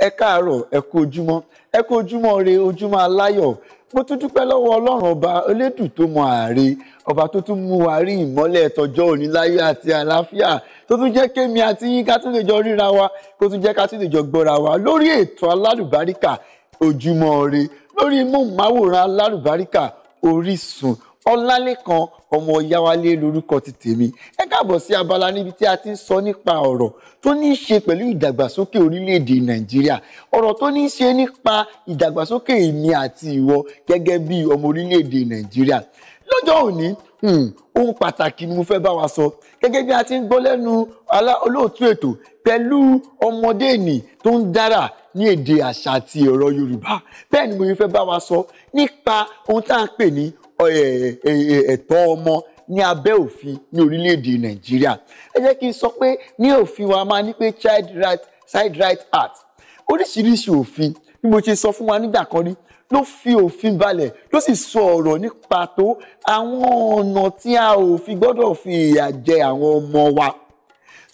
ẹ káàárọ̀ ẹ kú ojúmọ́ ẹ kú ojúmọ́ re ojúmọ́ aláyọ̀ mo tún dúpẹ́ lọ́wọ́ ọlọ́run ọba elédùn tó mọ ààrẹ ọba tó tún mú wa rí ìmọ́lẹ̀ tọjọ́ òní láyé àti àlàáfíà tó tún jẹ́ kémi àti yín ká tún lè jọ ríra wa kó tún jẹ́ ká tún lè jọ gbọ́ra wa lórí ètò alálùbáríkà ojúmọ́ re lórí móhùnmáwòrán alálùbáríkà Orísun Ọlálékan ọmọ yáwálé lórúkọ ti tèmi ẹ káàbọ̀ sí abala níbi tí a ti ń sọ nípa ọ̀rọ̀ tó ní í ṣe pẹ̀lú ìdàgbàsókè orílẹ̀-èdè nàìjíríà ọ̀rọ̀ tó ní í ṣe nípa ìdàgbàsókè èmi àti ìwọ gẹ́gẹ́ bí ọmọ orílẹ̀ nàìjíríà lọ́jọ́ òní hmm, ohun pàtàkì ni mo fẹ́ bá wa sọ gẹ́gẹ́ bí a ti ń gbọ́ lẹ́nu olóòtú ètò pẹ̀lú ọmọdé ènì tó ń dára ní èdè àṣà àti ọ̀rọ̀ yorùbá bẹ́ẹ̀ ni mo fẹ́ bá wa sọ nípa ohun tá à ń pè ní ẹ̀tọ́ ọmọ ní abẹ́ òfin ní orílẹ̀-èdè nàìjíríà ẹ jẹ́ kí n sọ pé ní òfin wa máa ní pé child right child right act oríṣiríṣi òfin bí mo ṣe sọ fún wa nígbà kan rí ló fi òfin balẹ̀ ló sì sọ ọ̀rọ̀ ní pàtó àwọn ọ̀nà tí a ò fi gbọ́dọ̀ fi ìyà jẹ àwọn ọmọ wa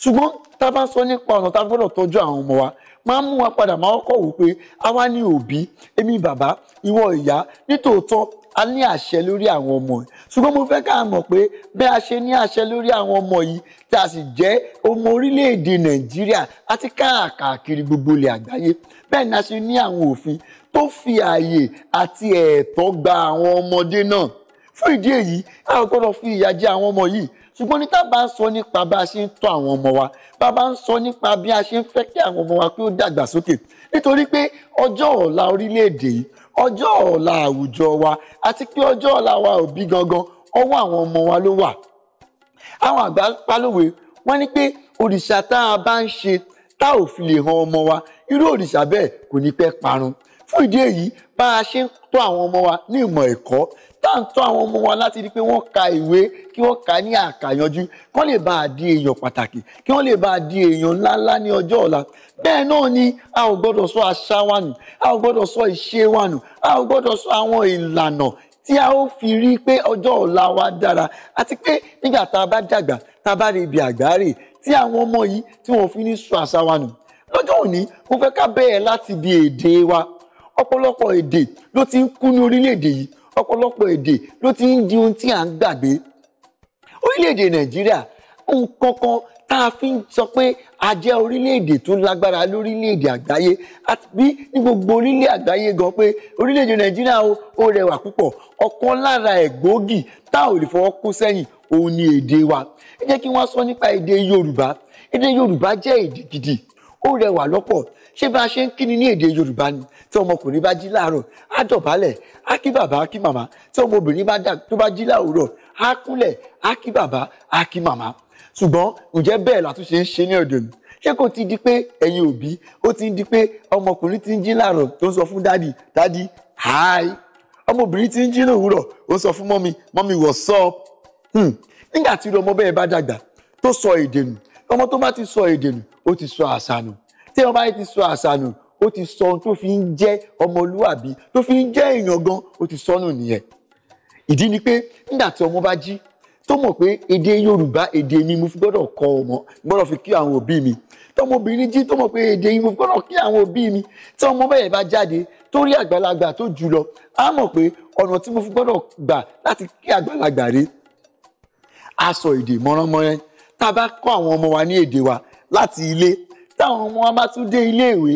ṣùgbọ́n tá a bá sọ nípa ọ̀nà tá a gbọ́dọ̀ tọ́jú àwọn ọmọ wa máa ń mú wa padà máa kọ̀ wò pé àwa ni òbí èmi bàbá ìwọ ìyá nítòótọ́ a ní àṣẹ lórí àwọn ọmọ yìí ṣùgbọ́n mo fẹ́ ká mọ̀ pé bí a ṣe ní àṣẹ lórí àwọn ọmọ yìí tá a sì jẹ́ ọmọ orílẹ̀-èdè nàìjíríà àti káàkiri gbogbo ilẹ̀ àgbáyé bẹ́ẹ̀ ni a ṣe ní àwọn òfin tó fi ààyè àti ẹ̀tọ́ gba àwọn ọmọdé náà fún ìdí èyí a ò gbọ́dọ̀ fi ìyà jẹ àwọn ọmọ yìí ṣùgbọ́n ní tá bá ń sọ nípa bá a ṣe ń tọ́ àwọn ọmọ wa bá a bá ń sọ nípa bí a ṣe ń fẹ́ kí àwọn ọmọ wa pé ó dàgbàsókè nítorí pé ọjọ́ ọ̀la orílẹ̀-èdè yìí ọjọ́ ọ̀la àwùjọ wa àti pé ọjọ́ ọ̀la wa òbí gangan ọwọ́ àwọn ọmọ wa ló wà àwọn àgbà pálówe wọ́n ní pé òrìṣà tá a bá ń ṣe tá ò fi lè han ọmọ wa irú òrìṣà bẹ́ẹ̀ kò ní pẹ́ parun fún ìdí èyí bá a ṣe ń tọ́ àwọn ọmọ wa ní ìmọ̀ ẹ̀kọ́ táǹtọ́ àwọn ọmọ wọn láti rí pé wọ́n ka ìwé kí wọ́n kà á ní àkàyanjú kí wọ́n lè bá a di èèyàn pàtàkì kí wọ́n lè bá a di èèyàn ńláńlá ní ọjọ́ ọ̀la bẹ́ẹ̀ náà ni a ò gbọ́dọ̀ sọ àṣà wa nù a ò gbọ́dọ̀ sọ ìṣe wa nù a ò gbọ́dọ̀ sọ àwọn ìlànà tí a ó fi rí pé ọjọ́ ọ̀la wa dára àti pé nígbà tá a bá dàgbà tá a bá rí ibi àgbáre tí àwọn ọmọ yìí tí wọn fi ní sọ àṣà wa nù lọ́jọ́ òní mo fẹ́ ká bẹ̀rẹ̀ láti ibi èdè wa ọ̀pọ̀lọpọ̀ èdè ló ti ń kú ní orílẹ̀-èdè yìí ọ̀pọ̀lọpọ̀ èdè ló ti ń di ohun tí à ń gbàgbé orílẹ̀-èdè nàìjíríà ohun kankan tá a fi ń sọ pé a jẹ́ orílẹ̀-èdè tó lágbára lórílẹ̀-èdè àgbáyé àti bí ní gbogbo orílẹ̀ àgbáyé gan pé orílẹ̀-èdè nàìjíríà ó rẹwà púpọ̀ ọ̀kan lára ẹ̀gbógi tá ò lè fọwọ́ kó sẹ́yìn òun ni èdè wa ẹ jẹ́ kí wọ́n sọ nípa èdè yorùbá èdè yorùbá jẹ́ èdè gidi ó rẹwà lọ́pọ̀ ṣé bá a ṣe ń kíni ní èdè yorùbá ni tí ọmọkùnrin bá jí láàárọ̀ á dọ̀bálẹ̀ á kí bàbá á kí màmá tí ọmọbìnrin bá dà tó bá jí láàárọ̀ á kúnlẹ̀ á kí bàbá á kí màmá ṣùgbọ́n ǹjẹ́ bẹ́ẹ̀ látúnṣe ń ṣe ní ọ̀dọ̀ mi ṣé kò ti di pé ẹ̀yin òbí ó ti di pé ọmọkùnrin ti ń jí láàárọ̀ tó ń sọ fún dádì dádì hi ọmọbìnrin ti ń jí lòwúrọ̀ ó ń sọ fún mọ́mi mọ́mi what's up hmm. nígbà tí irú ọmọ bẹ́ẹ̀ bá dàgbà tó sọ èdè nù ọmọ tó bá ti sọ èdè nù ó ti sọ àṣà nù tí wọ́n bá ti sọ àṣà nù ó ti sọ ohun tó fi ń jẹ́ ọmọlúwàbí tó fi ń jẹ́ èèyàn gan ó ti sọnù nìyẹn ìdí ni pé nígbà tí ọmọ bá jí tó mọ̀ pé èdè Yorùbá èdè mi mo fi gbọ́dọ̀ kọ́ ọmọ gbọ́dọ̀ fi kí àwọn òbí mi tọmọbìnrin jí tó mọ̀ pé èdè mi mo fi gbọ́dọ̀ kí àwọn òbí mi tí ọmọ bẹ́ẹ̀ bá jáde tó rí àgbàlagbà tó jù lọ á mọ̀ pé ọ̀nà tí mo fi gbọ́dọ̀ gbà láti kí àgbàlagbà rè á sọ èdè mọ́ránmọ́rán tá a bá kọ́ àwọn ọmọ wa ní èdè wa láti ilé táwọn ọmọ wa bá tún dé iléèwé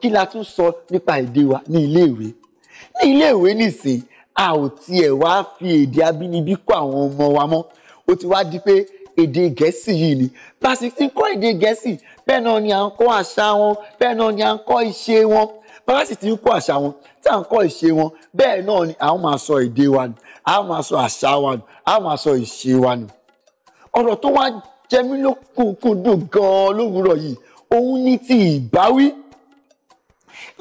kí la tún sọ nípa èdè wa ní iléèwé ní iléèwé nìsín a ò tiẹ̀ wá fi èdè abínibí kọ́ àwọn ọmọ wa mọ́ ó ti wá di pé èdè gẹ̀ẹ́sì yìí ni bá a sì ti ń kọ́ èdè gẹ̀ẹ́sì bẹ́ẹ̀ náà ni à ń kọ́ àṣà wọn bẹ́ẹ̀ náà ni à ń kọ́ ìṣe wọn bá a sì ti ń kọ́ àṣà wọn tá à ń kọ́ ìṣe wọn bẹ́ẹ̀ náà ni à ń máa sọ èdè wa nù à ń máa sọ àṣà wa nù à ń máa sọ ìṣe wa nù ọ̀rọ̀ tó wá jẹ mí lókùnkùn dùn gan-an lówùúrọ̀ yìí òun ni ti ìbáwí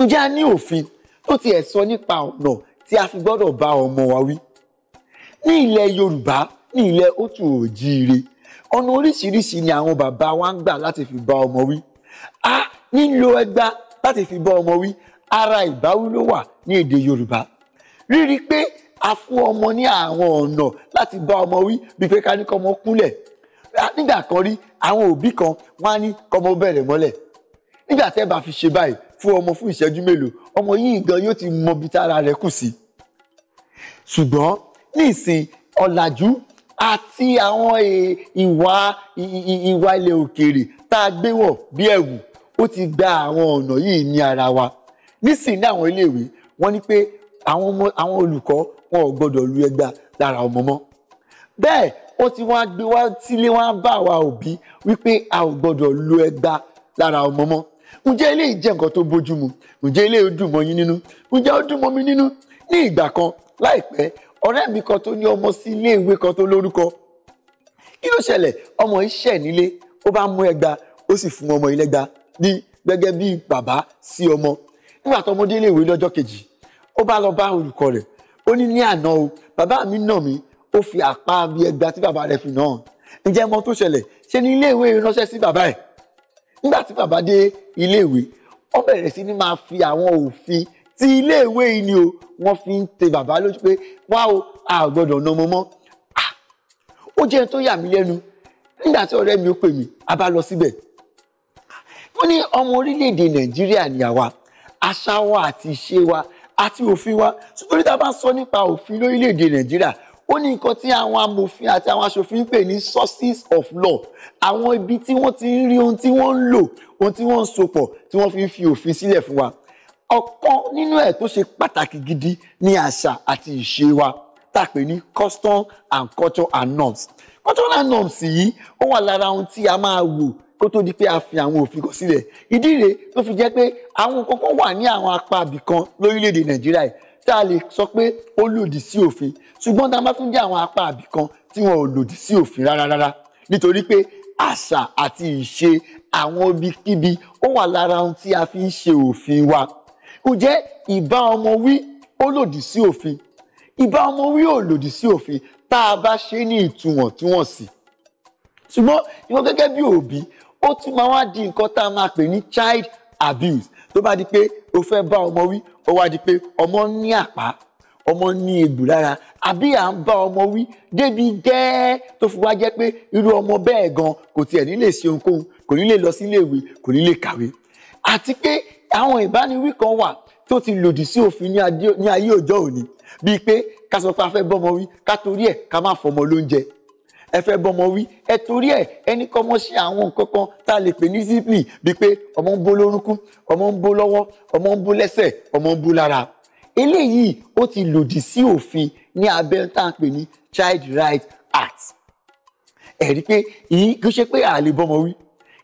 ǹjẹ́ a ní òfin tó tiẹ̀ sọ nípa ọ̀nà tí a fi gbọ́dọ̀ bá ọmọ wa wí ní ilẹ̀ Yorùbá ní ilẹ̀ òtù òjíire ọ̀nà oríṣiríṣi ni àwọn bàbá wa ń gbà láti fi bá ọmọ wí a nílò ẹgbà láti fi bá ọmọ wí ara ìbáwí ló wà ní èdè Yorùbá rírí pé a fún ọmọ ní àwọn ọ̀nà láti bá ọmọ wí bí pé ká ní kọ́ ọmọ kúnlẹ̀ nígbà kan rí àwọn òbí kan wọ́n á ní kọ́mọ bẹ̀rẹ̀ mọ́lẹ̀ nígbà tẹ́ bá fi ṣe báyìí fún ọmọ fún ìṣẹ́jú mélòó ọmọ yìí gan yóò ti mọ bí tára rẹ̀ kù sí ṣùgbọ́n ní ìsìn ọ̀làjú àti àwọn e, ìwà ìwà ilẹ̀ òkèèrè tá a gbé wọ̀ bí ẹ̀wù ó ti gba àwọn ọ̀nà yìí ní ara wa nísìn ní àwọn iléèwé wọ́n ní pé àwọn ọmọ olùkọ́ wọn ò gbọ́dọ̀ lu ẹgba lára ọmọ mọ́ bẹ́ẹ̀ ó ti wá gbé wá sílé wá bá àwa òbí wípé a ò gbọdọ̀ lo ẹgba lára ọmọ mọ́ ǹjẹ́ eléyìí jẹ́ nǹkan tó bójú mu ǹjẹ́ eléyìí dùn mọ́ yín nínú ǹjẹ́ ó dùn mọ́ mi nínú ní ìgbà kan láìpẹ́ ọ̀rẹ́ mi kan tó ní ọmọ sí ilé ìwé kan tó lórúkọ kí ló ṣẹlẹ̀ ọmọ iṣẹ́ nílé ó bá mú ẹgba ó sì fún ọmọ ilẹ́gba ní gẹ́gẹ́ bí bàbá sí ọmọ nígbà tó ọmọdé ilé ìwé lọ́jọ́ kejì ó bá lọ bá olùkọ́ rẹ̀ ó ní ní àná o bàbá mi nà mí ó fi àpá bíi ẹgbà tí bàbá rẹ̀ fi nà án ǹjẹ́ mọ tó ṣẹlẹ̀ ṣe ni iléèwé ránṣẹ́ sí bàbá ẹ̀ nígbà tí bàbá dé iléèwé ó bẹ̀rẹ̀ sí ni máa fi àwọn òfin tí iléèwé yìí ni o wọ́n fi ń tẹ bàbá lójú pé wá o a gbọ́dọ̀ nà ọmọ mọ́ ó jẹ́ tó yà mí lẹ́nu nígbà tí ọ̀rẹ́ mi ó pè mí a bá lọ síbẹ̀ wọ́n ní ọmọ orílẹ̀-èdè nàìjíríà ni àwa àṣà wa àti ìṣe wa àti òfin wa nítorí tá a bá sọ nípa òfin lórílẹ̀-èdè nàìjíríà ó ní nǹkan tí àwọn amòfin àti àwọn aṣòfin ń pè ní sources of law àwọn ibi tí wọ́n ti ń rí ohun tí wọ́n ń lò ohun tí wọ́n ń sopọ̀ tí wọ́n fi ń fi òfin sílẹ̀ fún wa ọ̀kan nínú ẹ̀ tó ṣe pàtàkì gidi ní àṣà àti ìṣe wa tá a pè ní custom and culture and norms cultural and norms yìí ó wà lára ohun tí a máa wò kó tó di pé a fi àwọn òfin kan sílẹ̀ ìdí rèé tó fi jẹ́ pé àwọn nǹkan kan wà ní àwọn apá ibì kan lórílẹ̀‐èdè Nàìjíríà yìí tá a lè sọ pé ó lòdì sí òfin ṣùgbọ́n tá a bá tún jẹ́ àwọn apá àbí kan tí wọn ò lòdì sí òfin rárá rárá nítorí pé àṣà àti ìṣe àwọn ibikíbi ó wà lára ohun tí a fi ń ṣe òfin wa ǹjẹ́ ìbá ọmọ wí ó lòdì sí òfin ìbá ọmọ wí ò lòdì sí òfin tá a bá ṣe ní ìtúwọ̀ntúnwọ̀nsì ṣùgbọ́n ìwọ gẹ́gẹ́ bí òbí ó tún máa wá di nǹkan tá a máa pè ní child abuse tó bá di pé o fẹ́ bá ọmọ wí ó wá di pé ọmọ ní àpá ọmọ ní egbò lára àbí à ń bá ọmọ wí débi gẹ́ẹ́ tó fi wá jẹ́ pé irú ọmọ bẹ́ẹ̀ gan kò tiẹ̀ ní lè ṣe ohunkóhun kò ní lè lọ sí iléèwé kò ní lè kàwé àti pé àwọn ìbániwí kan wà tó ti lòdì sí òfin ní ayé ọjọ́ òní bíi pé ká sọ pé a fẹ́ bọ́mọ wí ká torí ẹ̀ ká má fọmọ lóúnjẹ ẹ fẹ́ bọ́mọ wí ẹ torí ẹ ẹni kọ́mọ ṣe àwọn nǹkan kan tá a lè pè ní discipline bíi pé ọmọ ń bó lórúnkún ọmọ ń bó lọ́wọ́ ọmọ ń bó lẹ́sẹ̀ ọmọ ń bó lára eléyìí ó ti lòdì sí òfin ní abẹ́ tá a pè ní child right act ẹ̀rí pé kì í ṣe pé a lè bọ́mọ wí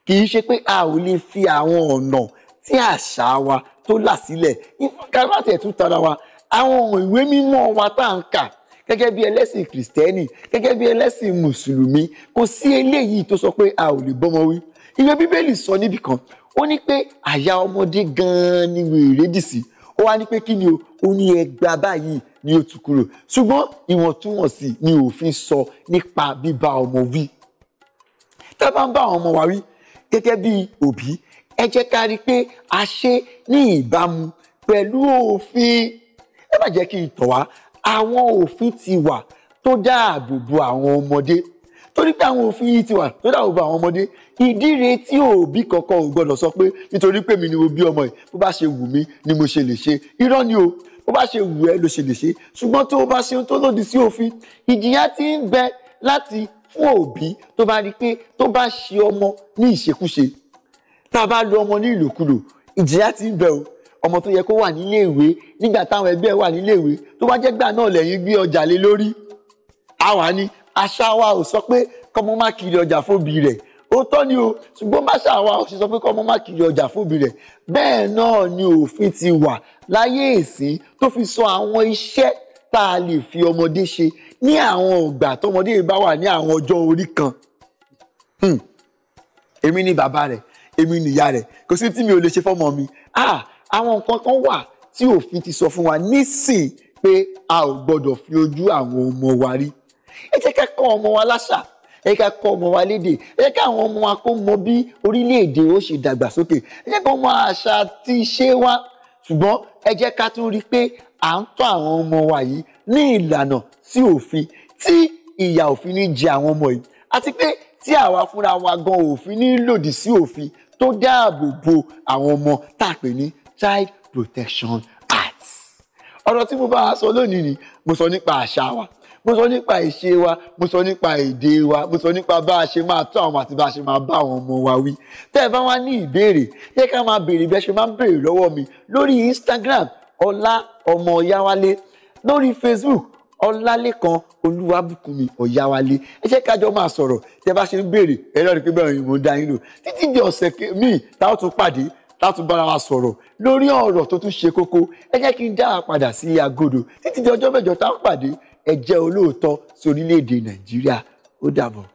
kì í ṣe pé a ò lè fi àwọn ọ̀nà tí àṣà wa tó là sílẹ̀ ìfọ̀kàrà tẹ̀ tún tara wa àwọn ìwé mímọ́ wa tá à ń kà gẹ́gẹ́ bí ẹlẹ́sìn kìrìsìtẹ́nì gẹ́gẹ́ bí ẹlẹ́sìn mùsùlùmí kò sí eléyìí tó sọ pé a ò lè bọ́mọ wí ìwé bíbélì sọ níbì kan ó ní pé àyà ọmọdé gan-an ni wèrè dì ó wá ní pé kí ni o ó ní ẹgbàá báyìí ni ó tún kúrò ṣùgbọ́n ìwọ̀ntúnwọ̀nsì ni òfin sọ nípa bíbá ọmọ wí tá a bá ń bá ọmọ wa wí gẹ́gẹ́ bí òbí ẹ jẹ́ ká rí pé a ṣe ní ìbámu pẹ̀lú òfin ẹ má jẹ́ kí n tọ̀ wá àwọn òfin ti wà tó dáàbò bo àwọn ọmọdé torí pé àwọn òfin yìí ti wà tó dáàbò bo àwọn ọmọdé ìdí rèé tí òbí kankan ò gbọdọ̀ sọ pé nítorí pé mi ni mo bí ọmọ yìí bó bá ṣe wù mí ni mo ṣe lè ṣe irọ́ ni o bó bá ṣe wù ẹ́ ló ṣe lè ṣe ṣùgbọ́n tó o bá ṣe ohun tó lòdì sí òfin ìjìyà ti ń bẹ láti fún òbí tó bá rí pé tó bá ṣe ọmọ ní ìṣekúṣe tá a bá lo ọmọ ní ìlòkulò ìjìyà ti ń bẹ o ọmọ tó yẹ kó wà nílé ìwé nígbà táwọn ẹgbẹ́ wà nílé ìwé tó bá jẹ́ gbà náà lẹ́yìn gbé ọjà lé lórí àwa ni àṣà wa ò sọ pé kọ́mọ má kiri ọjà fóbi rẹ̀ ó tọ́ ni o ṣùgbọ́n báṣà wa ò ṣe sọ pé kọ́mọ má kiri ọjà fóbi rẹ̀ bẹ́ẹ̀ náà ni òfin ti wà láyé ìsín tó fi sọ àwọn iṣẹ́ tá a lè fi ọmọdé ṣe ní àwọn ọgbà tọmọdé bá wà ní àwọn ọjọ́ orí kan hmm. èmi ni bàbá rẹ̀ èmi ni ìyá rẹ̀ kò sí tí mi ò lè ṣe fọ́mọ mi ah àwọn nǹkan kan wà tí òfin ti sọ fún wa nísìn pé a ò gbọdọ̀ fi ojú àwọn ọmọ wa rí ẹ jẹ́ ká kọ́ ọmọ wa láṣà ẹ ká kọ́ ọmọ wa lédè ẹ jẹ́ ká àwọn ọmọ wa kó mọ bí orílẹ̀-èdè ó ṣe dàgbàsókè ẹ jẹ́ ká ọmọ àṣà ti ṣe wá ṣùgbọ́n ẹ jẹ́ ká tún rí i pé à ń tọ́ àwọn ọmọ wa yìí ní ìlànà sí òfin tí ìyà òfin ní jẹ àwọn ọmọ yìí àti pé tí àwa fúnra wa gan òfin ní lòdì sí òfin tó dáàbò bo àwọn ọmọ tá ní Child Protection Act ọ̀rọ̀ tí mo bá a sọ lónìí ni mo sọ nípa àṣà wa mo sọ nípa ìṣe wa mo sọ nípa èdè wa mo sọ nípa bá a ṣe máa tọ́ àwọn àti bá a ṣe máa bá àwọn ọmọ wa wí tẹ́ ẹ bá wá ní ìbéèrè yẹ ká máa béèrè bí ẹ ṣe máa ń béèrè lọ́wọ́ mi lórí Instagram ọlá ọmọ ọyáwálé lórí Facebook ọlálẹ́kan olúwàbùkúnmi ọ̀yáwálé ẹ jẹ́ kájọ máa sọ̀rọ̀ tẹ́ bá ṣe ń béèrè ẹ lọ́ọ́ rí pé bẹ́ẹ̀ ni mo dá yín lò títí di ọ̀sẹ̀ míì táwọn tún pàdé láti bára wa sọ̀rọ̀ lórí ọ̀rọ̀ tó tún ṣe kókó ẹ jẹ́ kí n dá a padà sí agodo títí di ọjọ́ mẹ́jọ tá a pàdé ẹ jẹ́ olóòótọ́ sí orílẹ̀-èdè Nàìjíríà ó dàbọ̀.